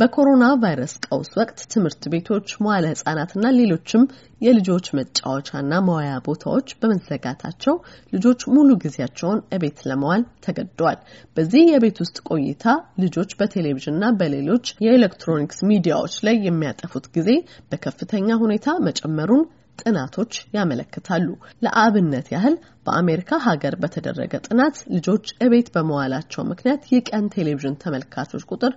በኮሮና ቫይረስ ቀውስ ወቅት ትምህርት ቤቶች፣ መዋለ ህጻናትና ሌሎችም የልጆች መጫወቻና መዋያ ቦታዎች በመዘጋታቸው ልጆች ሙሉ ጊዜያቸውን እቤት ለመዋል ተገደዋል። በዚህ የቤት ውስጥ ቆይታ ልጆች በቴሌቪዥንና በሌሎች የኤሌክትሮኒክስ ሚዲያዎች ላይ የሚያጠፉት ጊዜ በከፍተኛ ሁኔታ መጨመሩን ጥናቶች ያመለክታሉ። ለአብነት ያህል በአሜሪካ ሀገር በተደረገ ጥናት ልጆች እቤት በመዋላቸው ምክንያት የቀን ቴሌቪዥን ተመልካቾች ቁጥር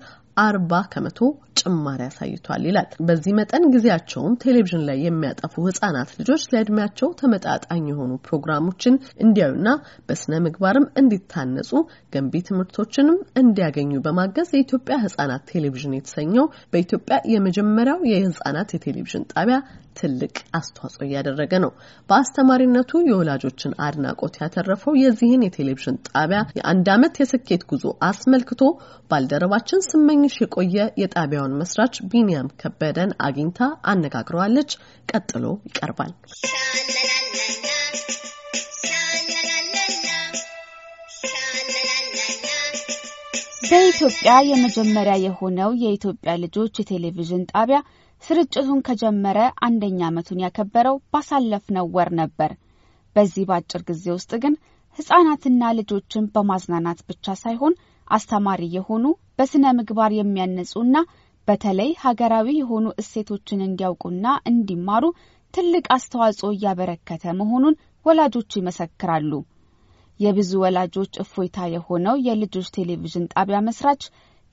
አርባ ከመቶ ጭማሪ አሳይቷል ይላል። በዚህ መጠን ጊዜያቸውን ቴሌቪዥን ላይ የሚያጠፉ ህጻናት ልጆች ለእድሜያቸው ተመጣጣኝ የሆኑ ፕሮግራሞችን እንዲያዩና በስነ ምግባርም እንዲታነጹ ገንቢ ትምህርቶችንም እንዲያገኙ በማገዝ የኢትዮጵያ ህጻናት ቴሌቪዥን የተሰኘው በኢትዮጵያ የመጀመሪያው የህጻናት የቴሌቪዥን ጣቢያ ትልቅ አስተዋጽኦ እያደረገ ነው። በአስተማሪነቱ የወላጆችን አድናቆት ያተረፈው የዚህን የቴሌቪዥን ጣቢያ የአንድ ዓመት የስኬት ጉዞ አስመልክቶ ባልደረባችን ስመኝሽ የቆየ የጣቢያውን መስራች ቢኒያም ከበደን አግኝታ አነጋግረዋለች። ቀጥሎ ይቀርባል። በኢትዮጵያ የመጀመሪያ የሆነው የኢትዮጵያ ልጆች የቴሌቪዥን ጣቢያ ስርጭቱን ከጀመረ አንደኛ ዓመቱን ያከበረው ባሳለፍነው ወር ነበር። በዚህ በአጭር ጊዜ ውስጥ ግን ሕፃናትና ልጆችን በማዝናናት ብቻ ሳይሆን አስተማሪ የሆኑ በስነ ምግባር የሚያነጹና በተለይ ሀገራዊ የሆኑ እሴቶችን እንዲያውቁና እንዲማሩ ትልቅ አስተዋጽኦ እያበረከተ መሆኑን ወላጆች ይመሰክራሉ። የብዙ ወላጆች እፎይታ የሆነው የልጆች ቴሌቪዥን ጣቢያ መስራች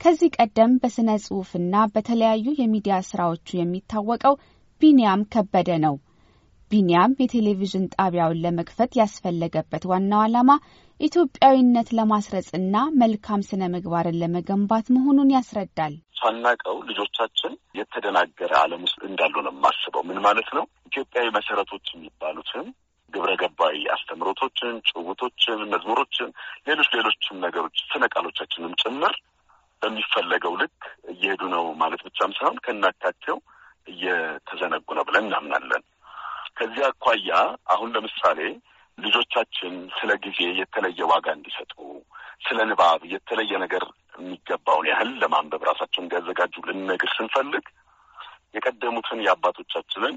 ከዚህ ቀደም በስነ ጽሑፍና በተለያዩ የሚዲያ ሥራዎቹ የሚታወቀው ቢንያም ከበደ ነው። ቢኒያም የቴሌቪዥን ጣቢያውን ለመክፈት ያስፈለገበት ዋናው ዓላማ ኢትዮጵያዊነት ለማስረጽና መልካም ስነ ምግባርን ለመገንባት መሆኑን ያስረዳል። ሳናቀው ልጆቻችን የተደናገረ ዓለም ውስጥ እንዳሉ ነው የማስበው። ምን ማለት ነው? ኢትዮጵያዊ መሰረቶች የሚባሉትን ግብረ ገባዊ አስተምሮቶችን፣ ጭውቶችን፣ መዝሙሮችን፣ ሌሎች ሌሎችም ነገሮች ስነ ቃሎቻችንም ጭምር በሚፈለገው ልክ እየሄዱ ነው ማለት ብቻም ሳይሆን ከናካቴው እየተዘነጉ ነው ብለን እናምናለን። ከዚያ አኳያ አሁን ለምሳሌ ልጆቻችን ስለ ጊዜ የተለየ ዋጋ እንዲሰጡ፣ ስለ ንባብ የተለየ ነገር የሚገባውን ያህል ለማንበብ ራሳቸው እንዲያዘጋጁ ልንነግር ስንፈልግ የቀደሙትን የአባቶቻችንን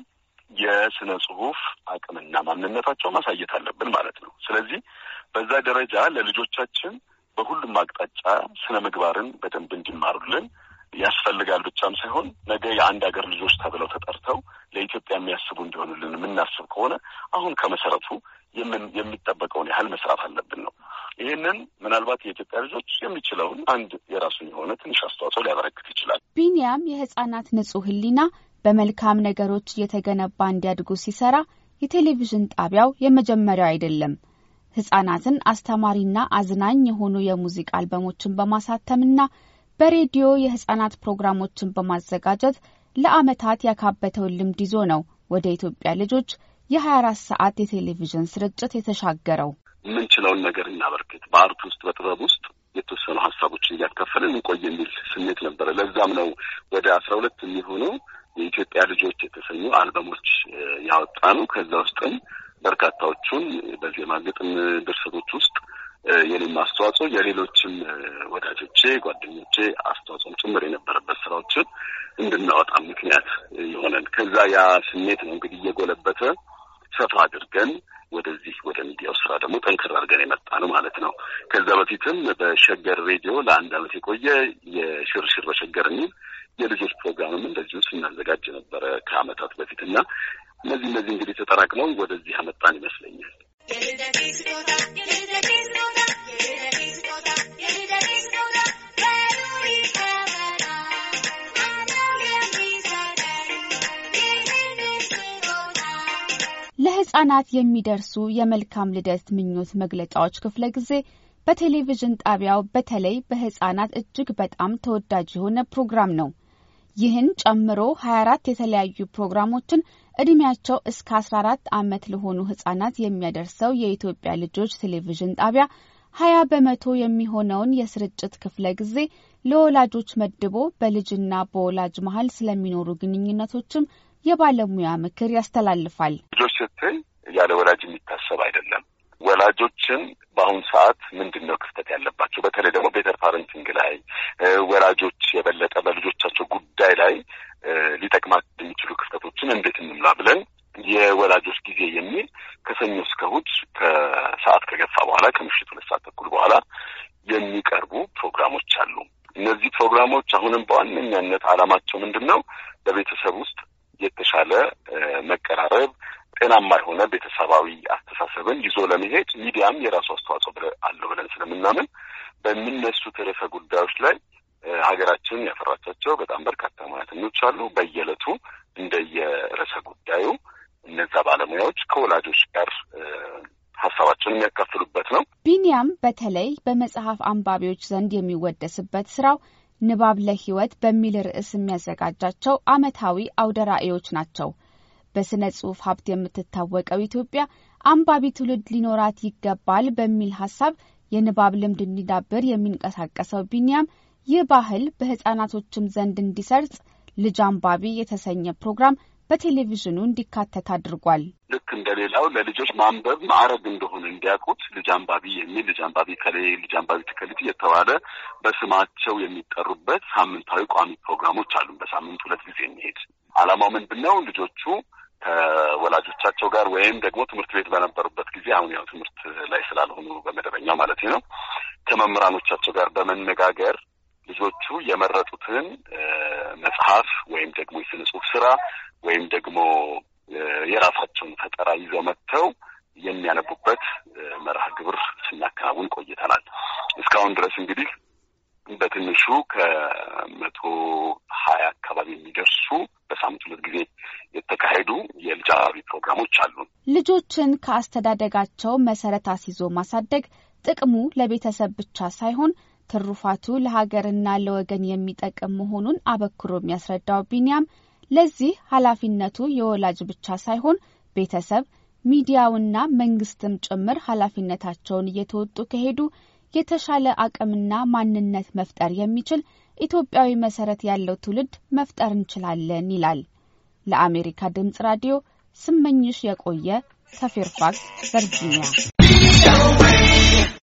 የስነ ጽሁፍ አቅምና ማንነታቸው ማሳየት አለብን ማለት ነው። ስለዚህ በዛ ደረጃ ለልጆቻችን በሁሉም አቅጣጫ ስነ ምግባርን በደንብ እንዲማሩልን ያስፈልጋል ብቻም ሳይሆን ነገ የአንድ ሀገር ልጆች ተብለው ተጠርተው ለኢትዮጵያ የሚያስቡ እንዲሆኑልን የምናስብ ከሆነ አሁን ከመሰረቱ የሚጠበቀውን ያህል መስራት አለብን ነው። ይህንን ምናልባት የኢትዮጵያ ልጆች የሚችለውን አንድ የራሱን የሆነ ትንሽ አስተዋጽኦ ሊያበረክት ይችላል። ቢኒያም የህጻናት ንጹህ ህሊና በመልካም ነገሮች እየተገነባ እንዲያድጉ ሲሰራ የቴሌቪዥን ጣቢያው የመጀመሪያው አይደለም። ህጻናትን አስተማሪና አዝናኝ የሆኑ የሙዚቃ አልበሞችን በማሳተምና በሬዲዮ የህጻናት ፕሮግራሞችን በማዘጋጀት ለአመታት ያካበተውን ልምድ ይዞ ነው ወደ ኢትዮጵያ ልጆች የ24 ሰዓት የቴሌቪዥን ስርጭት የተሻገረው። የምንችለውን ነገር እናበርክት፣ በአርት ውስጥ በጥበብ ውስጥ የተወሰኑ ሀሳቦችን እያካፈልን እንቆይ የሚል ስሜት ነበረ። ለዛም ነው ወደ አስራ ሁለት የሚሆኑ የኢትዮጵያ ልጆች የተሰኙ አልበሞች ያወጣ ነው። ከዛ ውስጥም በርካታዎቹን በዜማ ግጥም፣ ድርሰቶች ውስጥ የኔም አስተዋጽኦ የሌሎችም ወዳጆቼ፣ ጓደኞቼ አስተዋጽኦም ጭምር የነበረበት ስራዎችን እንድናወጣ ምክንያት ይሆነን። ከዛ ያ ስሜት ነው እንግዲህ እየጎለበተ ሰፋ አድርገን ወደዚህ ወደ ሚዲያው ስራ ደግሞ ጠንክር አድርገን የመጣ ነው ማለት ነው። ከዛ በፊትም በሸገር ሬዲዮ ለአንድ ዓመት የቆየ የሽርሽር በሸገር የሚል የልጆች ፕሮግራምም እንደዚሁ ስናዘጋጅ ነበረ ከዓመታት በፊት እና እነዚህ እነዚህ እንግዲህ ተጠራቅመው ወደዚህ አመጣን ይመስለኛል። ለሕፃናት የሚደርሱ የመልካም ልደት ምኞት መግለጫዎች ክፍለ ጊዜ በቴሌቪዥን ጣቢያው በተለይ በህጻናት እጅግ በጣም ተወዳጅ የሆነ ፕሮግራም ነው። ይህን ጨምሮ 24 የተለያዩ ፕሮግራሞችን ዕድሜያቸው እስከ 14 ዓመት ለሆኑ ህጻናት የሚያደርሰው የኢትዮጵያ ልጆች ቴሌቪዥን ጣቢያ 20 በመቶ የሚሆነውን የስርጭት ክፍለ ጊዜ ለወላጆች መድቦ በልጅና በወላጅ መሀል ስለሚኖሩ ግንኙነቶችም የባለሙያ ምክር ያስተላልፋል። ልጆች ስትይ ያለ ወላጅ የሚታሰብ አይደለም። ወላጆችን በአሁኑ ሰዓት ምንድን ነው ክፍተት ያለባቸው? በተለይ ደግሞ ቤተር ፓረንቲንግ ላይ ወላጆች የበለጠ በልጆቻቸው ጉዳይ ላይ ሊጠቅማ የሚችሉ ክፍተቶችን እንዴት እንምላ ብለን የወላጆች ጊዜ የሚል ከሰኞ እስከ እሑድ ከሰዓት ከገፋ በኋላ ከምሽቱ ሁለት ሰዓት ተኩል በኋላ የሚቀርቡ ፕሮግራሞች አሉ። እነዚህ ፕሮግራሞች አሁንም በዋነኛነት ዓላማቸው ምንድን ነው? በቤተሰብ ውስጥ የተሻለ መቀራረብ፣ ጤናማ የሆነ ቤተሰባዊ አስተሳሰብን ይዞ ለመሄድ ሚዲያም የራሱ አስተዋጽኦ አለው ብለን ስለምናምን በሚነሱት ርዕሰ ጉዳዮች ላይ ሀገራችን ያፈራቻቸው በጣም በርካታ ሙያተኞች አሉ። በየዕለቱ እንደየርዕሰ ጉዳዩ እነዛ ባለሙያዎች ከወላጆች ጋር ሀሳባቸውን የሚያካፍሉበት ነው። ቢኒያም በተለይ በመጽሐፍ አንባቢዎች ዘንድ የሚወደስበት ስራው ንባብ ለህይወት በሚል ርዕስ የሚያዘጋጃቸው አመታዊ አውደ ራዕዮች ናቸው። በሥነ ጽሑፍ ሀብት የምትታወቀው ኢትዮጵያ አንባቢ ትውልድ ሊኖራት ይገባል በሚል ሀሳብ የንባብ ልምድ እንዲዳብር የሚንቀሳቀሰው ቢኒያም ይህ ባህል በሕፃናቶችም ዘንድ እንዲሰርጽ ልጅ አንባቢ የተሰኘ ፕሮግራም በቴሌቪዥኑ እንዲካተት አድርጓል። ልክ እንደሌላው ለልጆች ማንበብ ማዕረግ እንደሆነ እንዲያውቁት ልጅ አንባቢ የሚል ልጅ አንባቢ ከሌ ልጅ አንባቢ ትከልት እየተባለ በስማቸው የሚጠሩበት ሳምንታዊ ቋሚ ፕሮግራሞች አሉ። በሳምንት ሁለት ጊዜ የሚሄድ አላማው ምንድን ነው? ልጆቹ ከወላጆቻቸው ጋር ወይም ደግሞ ትምህርት ቤት በነበሩበት ጊዜ አሁን ያው ትምህርት ላይ ስላልሆኑ በመደበኛው ማለት ነው ከመምህራኖቻቸው ጋር በመነጋገር ልጆቹ የመረጡትን መጽሐፍ ወይም ደግሞ የስነ ጽሁፍ ስራ ወይም ደግሞ የራሳቸውን ፈጠራ ይዘው መጥተው የሚያነቡበት መርሃ ግብር ስናከናውን ቆይተናል። እስካሁን ድረስ እንግዲህ በትንሹ ከመቶ ሀያ አካባቢ የሚደርሱ በሳምንት ሁለት ጊዜ የተካሄዱ የልጅ አባቢ ፕሮግራሞች አሉ። ልጆችን ከአስተዳደጋቸው መሰረት አስይዞ ማሳደግ ጥቅሙ ለቤተሰብ ብቻ ሳይሆን ትሩፋቱ ለሀገርና ለወገን የሚጠቅም መሆኑን አበክሮ የሚያስረዳው ቢኒያም ለዚህ ኃላፊነቱ የወላጅ ብቻ ሳይሆን ቤተሰብ፣ ሚዲያውና መንግስትም ጭምር ኃላፊነታቸውን እየተወጡ ከሄዱ የተሻለ አቅምና ማንነት መፍጠር የሚችል ኢትዮጵያዊ መሰረት ያለው ትውልድ መፍጠር እንችላለን ይላል። ለአሜሪካ ድምጽ ራዲዮ ስመኝሽ የቆየ ከፌርፋክስ ቨርጂኒያ